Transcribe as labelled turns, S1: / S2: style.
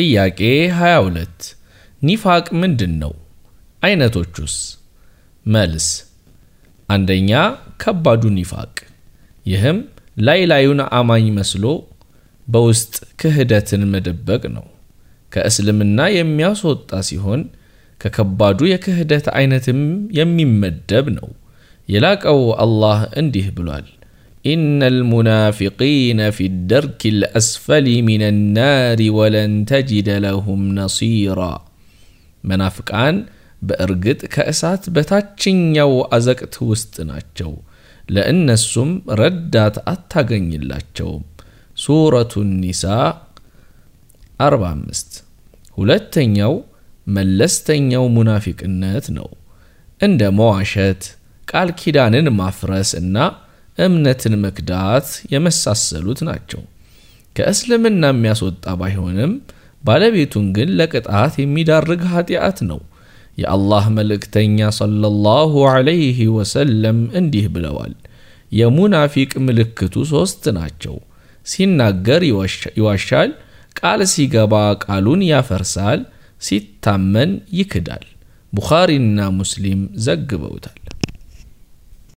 S1: ጥያቄ 22 ኒፋቅ ምንድን ነው? አይነቶቹስ? መልስ፣ አንደኛ ከባዱ ኒፋቅ፣ ይህም ላይ ላዩን አማኝ መስሎ በውስጥ ክህደትን መደበቅ ነው። ከእስልምና የሚያስወጣ ሲሆን ከከባዱ የክህደት አይነትም የሚመደብ ነው። የላቀው አላህ እንዲህ ብሏል إن المنافقين في الدرك الأسفل من النار ولن تجد لهم نصيرا منافقان بأرقد كأسات بتاتشن يو أزك توستناتشو لأن السم ردات أتاقن يلاتشو سورة النساء أربع مست هلتن يو ملستن يو منافق النات نو عند معشات قال كدانن مفرس النات እምነትን መክዳት የመሳሰሉት ናቸው። ከእስልምና የሚያስወጣ ባይሆንም ባለቤቱን ግን ለቅጣት የሚዳርግ ኃጢአት ነው። የአላህ መልእክተኛ ሰለላሁ ዐለይሂ ወሰለም እንዲህ ብለዋል፣ የሙናፊቅ ምልክቱ ሦስት ናቸው። ሲናገር ይዋሻል፣ ቃል ሲገባ ቃሉን ያፈርሳል፣ ሲታመን ይክዳል። ቡኻሪና ሙስሊም ዘግበውታል።